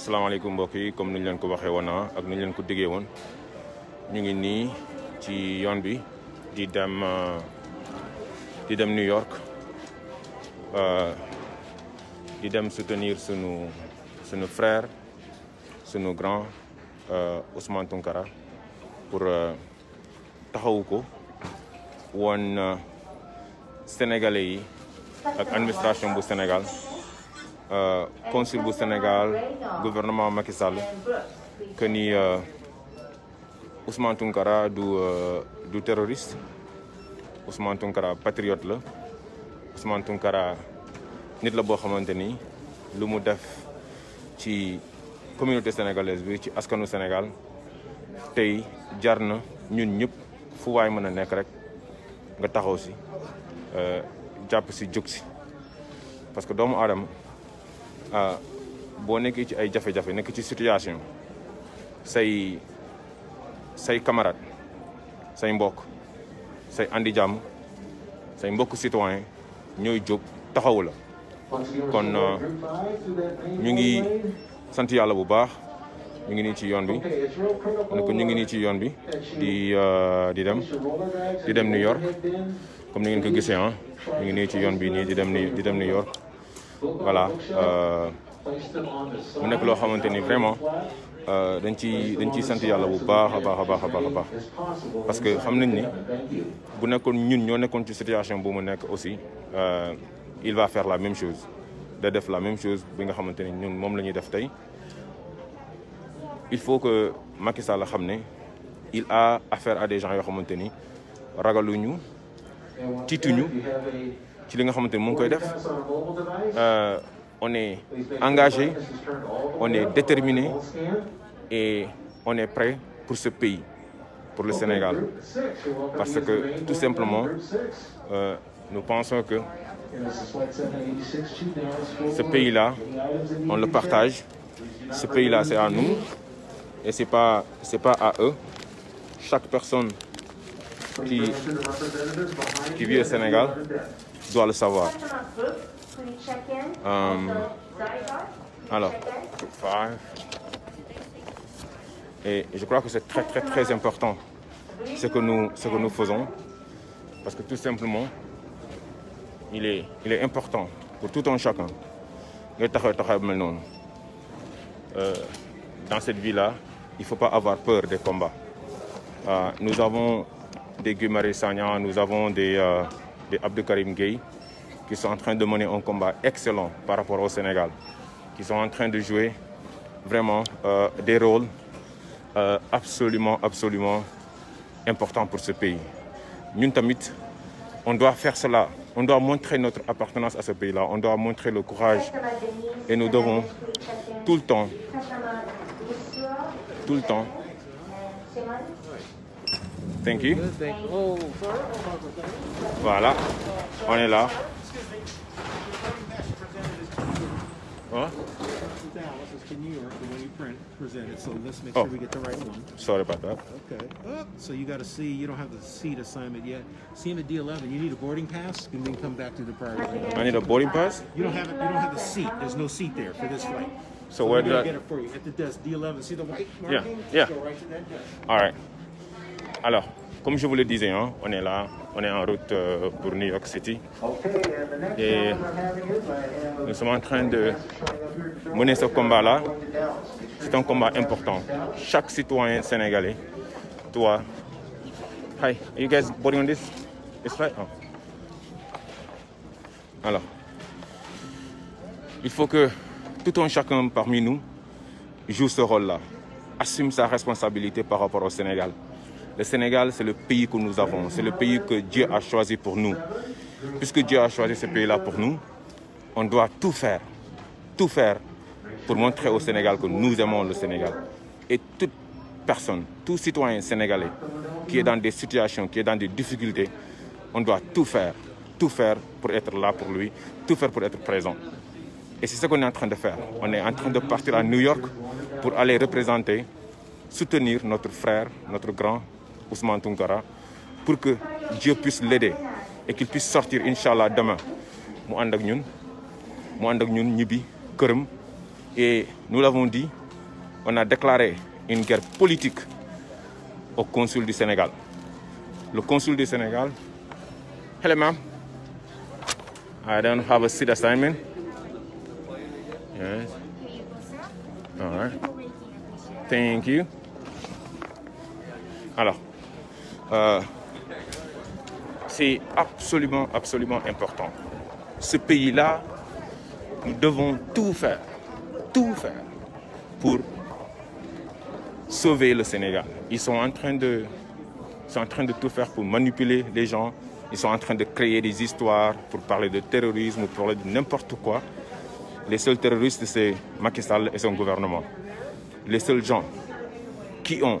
salaamaaleykum mbokk yi comme ni leen ko waxee woon ah, ak ni ñu leen ko déggee woon ñu ngi nii ci yoon bi di dem euh, di dem New York euh, di dem soutenir sunu sunu frère sunu grand euh, Ousmane Tounkara pour taxawu ko woon Sénégalais yi ak administration bu Sénégal. Euh, consul bu Sénégal gouvernement Macky Sall que ni euh, Ousmane Tounkara du euh, du terroriste Ousmane Tounkara patriote la Ousmane Tounkara nit la boo xamante ni lu mu def ci communauté sénégalaise bi ci askanu Sénégal tey jar na ñun ñëpp fu waay mën a nekk rek nga taxaw si jàpp si jóg si parce que doomu aadama Ah, boo nekkee ci ay jafe-jafe nekk ci situation say say camarade say mbokk say indi jàmm say mbokk citoyen ñooy jóg taxawu la kon ah, ñu ngi sant yàlla bu baax ñu ngi nii ci yoon bi donc ñu ngi nii ci yoon bi di ah, di dem di dem New York comme ni ngeen ko gisee ah ñu ngi nii ci yoon bi nii di dem di dem New York voilà euh, mu nekk loo xamante ni vraiment euh, dañ ci dañ ciy sant yàlla bu baax a baax a baax a baax a baax parce que xam nañ ni bu nekkoon ñun ñoo nekkoon ci situation bu mu nekk aussi euh, il va faire la même chose da def la même chose bi nga xamante ni ñun moom la ñuy def tey il faut que Macky Sall xam ne il a affaire à des gens yoo xamante ni ragaluñu tiituñu ci li nga xamante ni mu ngi koy def euh, on est engagé on est déterminé et on est prêt pour ce pays pour le Sénégal parce que tout simplement euh, nous pensons que ce pays-là on le partage ce pays-là c'est à nous et c'est pas à eux chaque personne qui qui vit au Sénégal doit le um, alors, five. Et je crois que c'est très, très, très important ce que nous, faisons. Parce que tout simplement, il est, il est important pour tout un chacun. Euh, dans cette vie-là, il ne faut pas avoir peur des combats. Euh, nous avons des Guy nous avons des, euh, de Abdou Karim Gueye, qui sont en train de mener un combat excellent par rapport au Sénégal, qui sont en train de jouer vraiment euh, des rôles euh, absolument, absolument importants pour ce pays. Nous, on doit faire cela. On doit montrer notre appartenance à ce pays-là. On doit montrer le courage. Et nous devons tout le temps, tout le temps, Thank you. Voilà, on est là. What? in New York, the one you print presented. So let's make oh. sure we get the right one. Sorry about that. Okay. Oh, so you got to see. You don't have the seat assignment yet. See him at D11. You need a boarding pass, and then come back to the priority. I need a boarding pass. You don't have it. You don't have the seat. There's no seat there for this flight. So, so where did I get it for you? At the desk, D11. See the white marking? Yeah. Yeah. Go right to that desk. All right. Alors, comme je vous le disais, hein, on est là, on est en route euh, pour New York City. Et nous sommes en train de mener ce combat-là. C'est un combat important. Chaque citoyen sénégalais doit... Hi, are you guys boarding on this? It's right? Oh. Alors, il faut que tout un chacun parmi nous joue ce rôle-là, assume sa responsabilité par rapport au Sénégal. Le Sénégal, c'est le pays que nous avons, c'est le pays que Dieu a choisi pour nous. Puisque Dieu a choisi ce pays pour nous, on doit tout faire, pour montrer au Sénégal que nous aimons le Sénégal. Et toute personne, tout citoyen sénégalais qui est dans des situations, qui est dans des difficultés, on doit tout faire, pour être là pour lui, tout faire pour être présent. Et c'est ce qu'on est en train de faire. On est en train de partir à New York pour aller représenter, soutenir notre frère, notre grand, Ousmane pour que Dieu puisse l'aider et qu'il puisse sortir incha allah demain mu ànd ak ñun mu ànd ak ñun ñibbi këram et nous l'avons dit on a déclaré une guerre politique au consul du Sénégal le consul du Sénégal hello ma'am I don't have a seat assignment yes thank you alors Euh, c'est absolument, absolument important. Ce pays-là, nous devons tout faire, pour sauver le Sénégal. il sont en de, ils de tout faire pour manipuler les gens. Ils sont de créer des histoires pour parler de terrorisme, pour parler de n'importe quoi. Les seuls terroristes, c'est Macky Sall et son gouvernement. Les seuls gens qui ont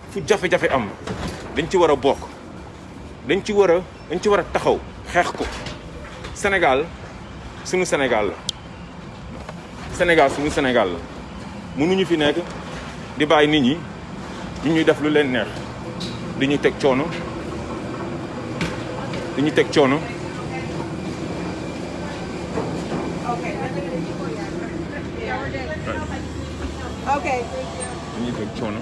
fu jafe-jafe am dañ ci war a bokk dañ ci war a dañ ci war a taxaw xeex ko Sénégal sunu Sénégal la Sénégal sunu Sénégal la mënuñu fi nekk di bàyyi nit ñi ñu def lu leen neex di ñu teg coono di ñu teg coono di ñu teg coono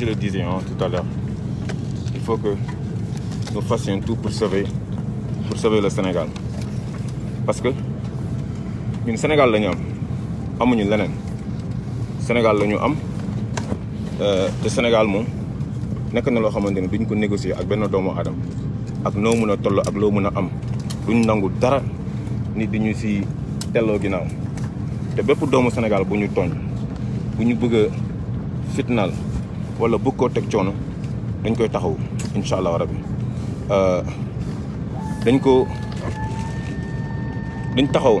je le disais hein, tout à l'heure, pour sauver, pour sauver Parce que ñun Sénégal la am amuñu leneen Sénégal la ñu am euh, te Sénégal moom nekk na loo xamante ne duñ ko négocier ak benn doomu aadama ak loo mën a toll ak loo mën a am duñ nangu dara nit di ñu si delloo ginnaaw te bépp doomu Sénégal bu ñu tooñ bu ñu bëgg a fitnaal wala bëgg koo teg coono dañ koy taxaw incha allah rabi euh, dañ ko dañ taxaw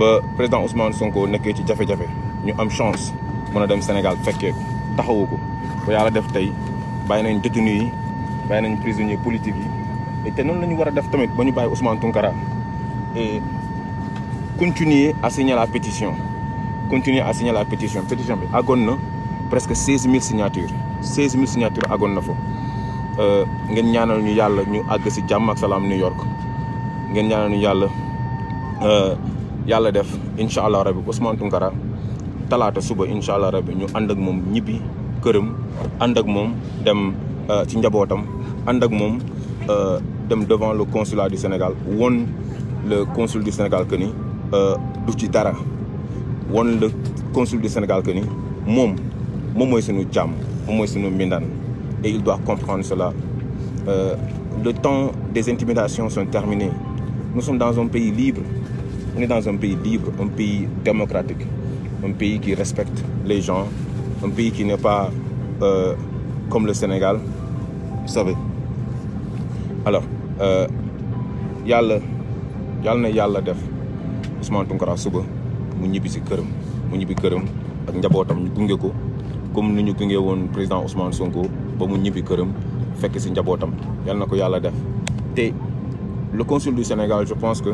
ba président Ousmane Sonko nekkee ci jafe-jafe ñu am chance mën a dem Sénégal fekkee taxawu ko ba yàlla def tey bàyyi nañ détenu yi bàyyi nañ prisonnier politique yi te noonu la ñu war a def tamit ba ñu bàyyi Ousmane Tounkara et continuer à signer la pétition continuer à signer pétition pétition bi àggoon na. presque seize mille signatures seize mille signatures àggoon na fa euh, ngeen ñaanal ñu yàlla ñu àgg si jàmm ak salaam New York ngeen ñaanal ñu yàlla euh, yàlla def incha allah rabi Ousmane Tounkara talaata suba incha allah rabi ñu ànd ak moom ñibbi këram ànd ak moom dem euh, ci njabootam ànd ak moom dem devant le consulat du Sénégal woon le consul du Sénégal que du ci dara woon le consul du Sénégal kani moom. moom mooy suñu jàmm moom mooy suñu mbindaan et il doit comprendre cela euh, le temps des intimidations sont terminés nous sommes dans un pays libre on dans un pays libre un pays démocratique un pays qui respecte les gens un pays qui n'est pas euh, comme le Sénégal vous savez alors euh, yàlla yàlla na yàlla def Ousmane Tounkara suba mu ñibbi si këram mu ñibbi këram ak njabootam ñu gunge ko comme ni ñu gunge woon président Ousmane Sonko ba mu ñibbi këram fekk si njabootam yal na ko yàlla def te le consul du Sénégal je pense que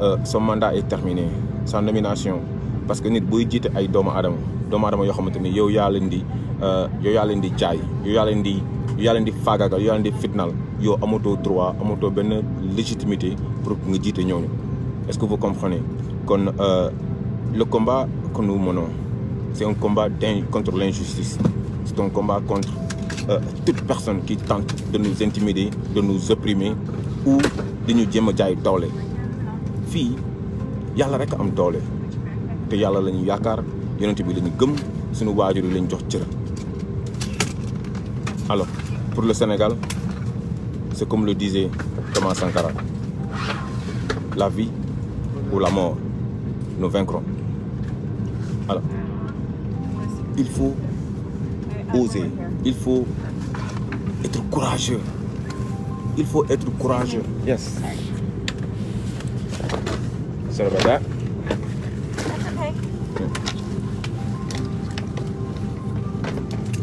euh, son mandat ay terminé sa nomination parce que nit buy jiite ay doomu adama doomu aadama yoo xamante ni yow yaa leen di euh, yow yaa leen jaay yow yaa leen di yow yaa leen di faagaagal yow yaa leen di fitnaal yow amatoo droit amatoo benn légitimité pour nga jiite ñooñu est-ce que vous comprenez kon euh, le combat que nous menons C'est un combat contre l'injustice. C'est un combat contre euh, personne qui tente de nous intimider, de nous opprimer ou de nous jéem a jaay doole. fii yàlla rek am doole te yàlla la ñu yaakaar yonent bi la gëm suñu waajur yi lañu jox cër. alors pour le Sénégal c'est comme le disait Thomas Sankara la vie ou la mort nous vaincrons il faut oser il faut être courage il faut être courageux yes sorry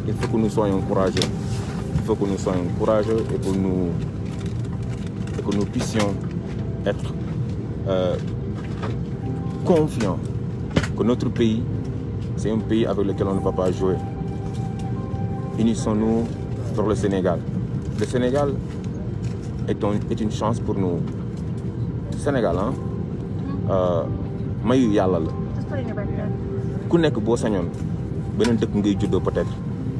il faut que nous soyons courageux il faut que nous soyons courageux et que nous et être euh, confiants que notre pays C'est un pays avec lequel on ne va pas jouer. Unissons-nous le Sénégal. Le Sénégal est, un, une chance pour nous. Sénégal ah. mayu yàlla la. ku nekk boo sañoon beneen dëkk ngay juddoo peut-être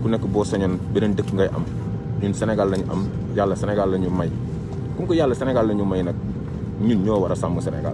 ku nekk boo sañoon beneen dëkk ngay am ñun Sénégal lañu am yàlla Sénégal la ñu may. comme que yàlla Sénégal la ñu may nag ñun ñoo war a sàmm Sénégal.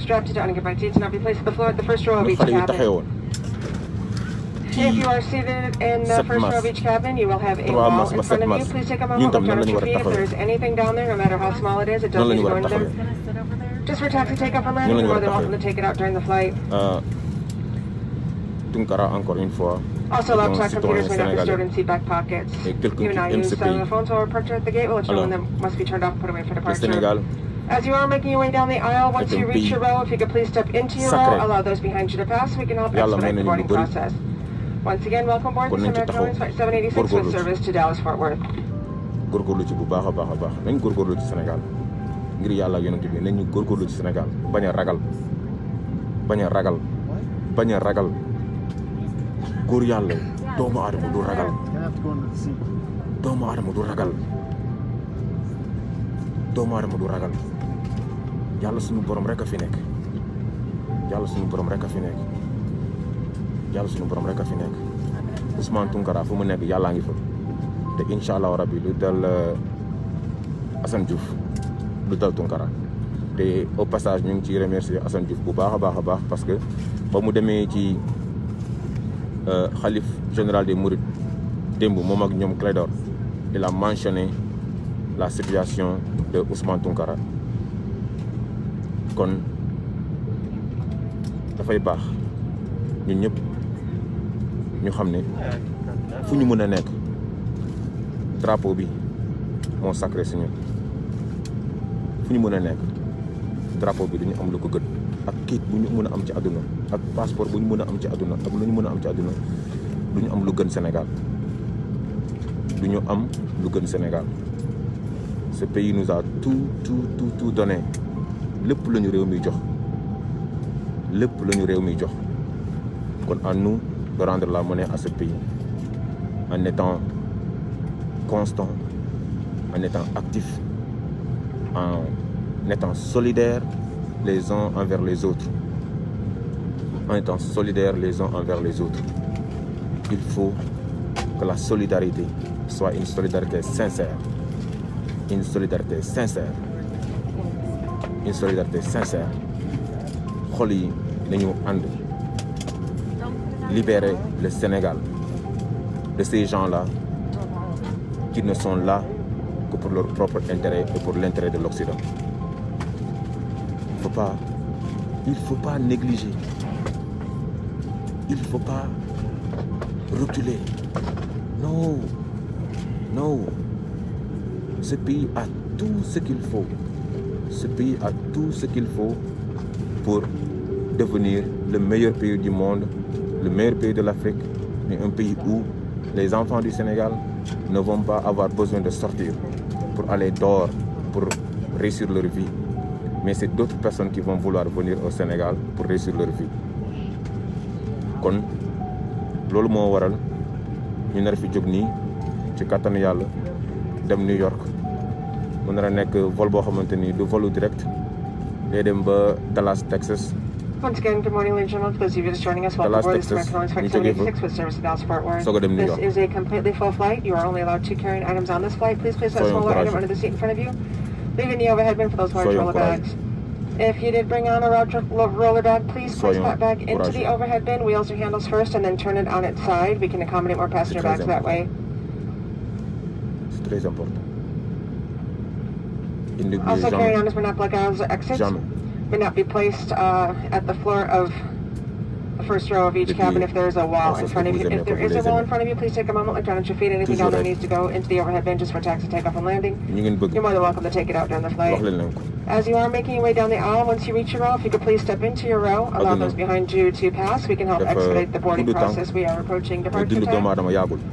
strapped down and get back seats and I'll be placed the floor at the first row of each cabin. If you are seated in the first row of each cabin, you will have a wall in front of you. Please take a moment to turn up your feet. If there is anything down there, no matter how small it is, it doesn't need to go in there. Just for taxi takeoff and landing, you're more than welcome to take it out during the flight. Uh, Tunkara, encore une fois. Also, laptop computers may not be stored in seat back pockets. You and I use cellular phones while we're parked at the gate. We'll let you know when they must be turned off and put away for departure. As you are making your way down the aisle, once you reach your row, if you could please step into ci bu baax a baax a baax nañ góorgóorlu ci Sénégal ngir yàlla ak yonent bi nañ ñu góorgóorlu ci Sénégal bañ a ragal bañ a ragal bañ a ragal góor yàlla doomu aadama du ragal doomu aadama du ragal doomu du ragal. jàll suñu borom rek a fi nekk jàll suñu borom rek a fi nekk yàlla suñu borom rek fi nekk Ousmane Tounkara fu mu nekk yàllaa ngi fa te incha allahu rabi lu dal euh, Assane Diouf lu dal Tounkara te au passage ñu ngi ciy remercier Assane Diouf bu baax a baax a baax parce que ba mu demee ci euh, xalif général des Mourides démb moom ak ñoom Clédor il a mentionné la situation de Ousmane Tounkara kon dafay baax ñu ñëpp ñu xam ne fu ñu mën a nekk drapeau bi moo sacré si ñun fu ñu mën a nekk drapeau bi dañu am lu ko gën ak kiit bu ñu mën a am ci àdduna ak passeport bu ñu mën a am ci àdduna ak lu ñu mën a am ci àdduna du ñu am lu gën Sénégal du ñu am lu gën Sénégal ce pays nous a tout tout tout tout lépp la ñu réew mi jox lépp la ñu réew mi jox kon à nous de rendre la monnaie à ce pays en étant constant en étant actif en étant solidaire les uns envers les autres en étant solidaires les uns envers les autres il faut que la solidarité soit une solidarité sincère une solidarité sincère une solidarité sincère xol yi nañu ànd libérer le Sénégal de ces la là qui ne sont là que pour leur propre intérêt et pour l'intérêt de l'Occident. Il faut pas il faut pas négliger. Il faut pas reculer. Non. Non. Ce pays a tout ce qu'il faut. ce pays a tout ce qu'il faut pour devenir le meilleur pays du monde, le meilleur pays de l'Afrique, mais un pays où les enfants du Sénégal ne vont pas avoir besoin de sortir pour aller dehors, pour réussir leur vie. Mais c'est d'autres personnes qui vont vouloir venir au Sénégal pour réussir leur vie. kon loolu moo waral ñu nar fi jog nii ci kattanu yàlla dem New York mu nar a nekk vol boo xamante ni du volu direct day dem ba Dallas Texas. Once again, good morning, Legion. For those of you just joining us, welcome aboard this American Airlines Flight 76 with service to Dallas Fort Worth. This is a completely full flight. You are only allowed two carrying items on this flight. Please place that smaller item under the seat in front of you. Leave in the overhead bin for those large roller bags. If you did bring on a roller bag, please place that back into the overhead bin, wheels or handles first, and then turn it on its side. We can accommodate more passenger bags that way. It's très important. in also carry on as we're not block out exits. Jamais. May not be placed uh, at the floor of the first row of each Depuis, cabin if there is a wall in front of you. If there is a wall in front of you, please take a moment, look down at your feet. Anything down there needs to go into the overhead bin just for taxi takeoff and landing. You're more than welcome to take it out during the flight. As you are making your way down the aisle, once you reach your row, if you could please step into your row, allow those behind you to pass. We can help expedite the boarding process. We are approaching departure time.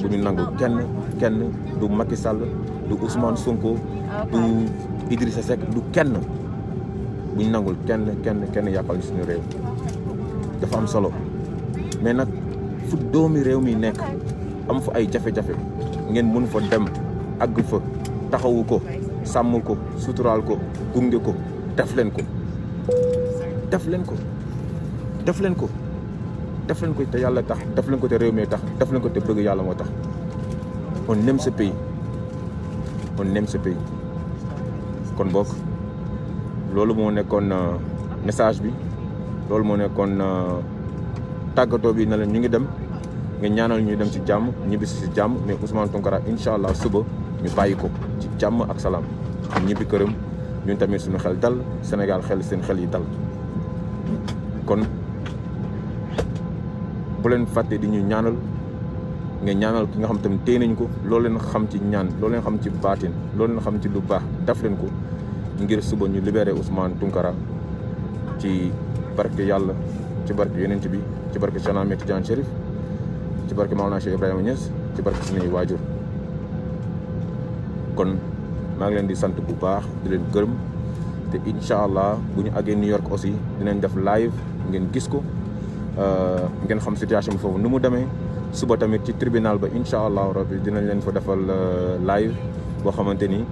du ñu nangu kenn kenn du Macky Sall du Ousmane Sonko du ah, Idrissa Seck du kenn bu ñu nangul kenn kenn kenn yàppal ñu suñu réew dafa am solo mais nag fu doomi réew mi nekk am fa ay jafe-jafe ngeen mën fa dem àgg fa taxawu ko sàmm ko suturaal ko gunge ko def leen ko def leen ko def leen ko def leen ko te yàlla tax def leen ko te réew mi tax def leen ko te bëgg yàlla moo tax on aime ce pays on aime ce pays kon bokk loolu moo nekkoon euh, message bi loolu moo nekkoon euh, tàggatoo bi na la ñu ngi dem nga ñaanal ñu dem si jàmm ñibbisi si jàmm mais Ousmane Tounkara incha allah suba ñu bàyyi ko ci jàmm ak salaam ñibbi këram ñu tamit suñu xel dal Sénégal xel seen xel yi dal kon. bu leen fàtte di ñuy ñaanal nga ñaanal ki nga xam tamit téye nañ ko loolu leen xam ci ñaan loolu leen xam ci baatin loolu leen xam ci lu baax daf leen ko ngir suba ñu libéré Ousmane Tounkara ci barke yàlla ci barke yonent bi ci barke Cheikh Ahmed Tidiane Chérif ci barke Maolana Cheikh Ibrahima Niass ci barke suñuy waajur kon maa ngi leen di sant bu baax di leen gërëm te incha allah bu ñu àggee New York aussi dinañ def live ngeen gis ko Euh, ngeen xam situation bi foofu nu mu demee suba tamit ci tribunal ba incha allahu rabbi dinañ leen fa defal euh, live boo xamante ni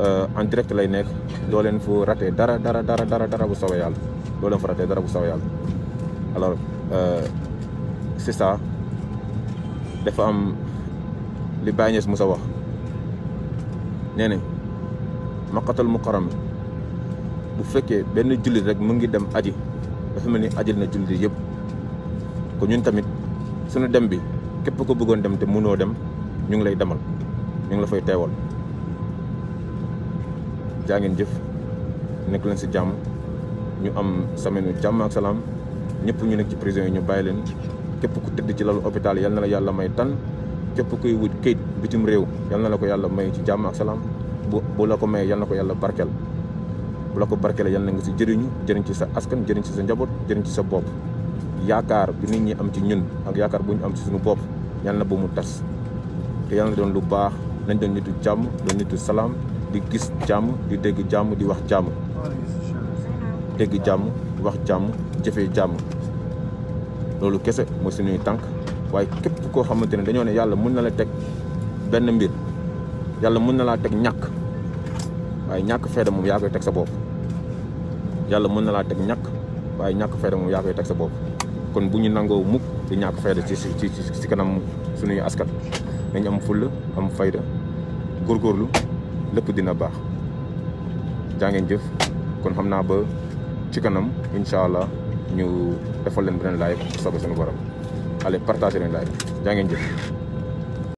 euh, en direct lay nekk doo leen fu raté dara dara dara dara dara bu soobee yàlla doo leen fa raté dara bu soobee yàlla alors c'est ça dafa am li Baye Niass Moussa wax nee ne maqatal mukarram bu fekkee benn jullit rek mu ngi dem aji dafa mel ni aji na jullit yëpp. ko ñun tamit suñu dem bi képp ko bëggoon dem te mënoo dem ñu ngi lay demal ñu ngi la fay teewal jaa ngeen jëf nekk leen si jàmm ñu am semaine jàmm ak salaam ñëpp ñu nekk ci prison yi ñu bàyyi leen képp ku tëdd ci lalu hôpital yal na la yàlla may tan képp kuy wut kayit bitim réew yal na la ko yàlla may ci jàmm ak salaam bu bu la ko mayee yal na ko yàlla barkeel bu la ko barkeelee yal na nga si jëriñu jëriñ ci sa askan jëriñ ci sa njaboot jëriñ ci sa bopp yaakaar bi nit ñi am ci ñun ak yaakaar bu ñu am ci suñu bopp yàlla na mu tas te yàlla doon lu baax nañ doon nitu jàmm doon nitu salaam di gis jàmm di dégg jàmm di wax jàmm dégg jàmm wax jàmm jëfee jàmm loolu kese mooy suñuy tànk waaye képp koo xamante ne dañoo ne yàlla mun na la teg benn mbir yàlla mun na laa teg ñàkk waaye ñàkk fayda moom yaa koy teg sa bopp yàlla mun na laa teg ñàkk waaye ñàkk fayda moom yaa koy teg sa bopp kon bu ñu nangoo mukk te ñàkk fayda ci ci ci kanam su suñuy askan nañ am fulla am fayda góorlu lépp dina baax jaa ngeen jëf kon xam naa ba ci kanam incha allah ñu defal leen beneen live soobee suñu borom allez partagez leen live jaa ngeen jëf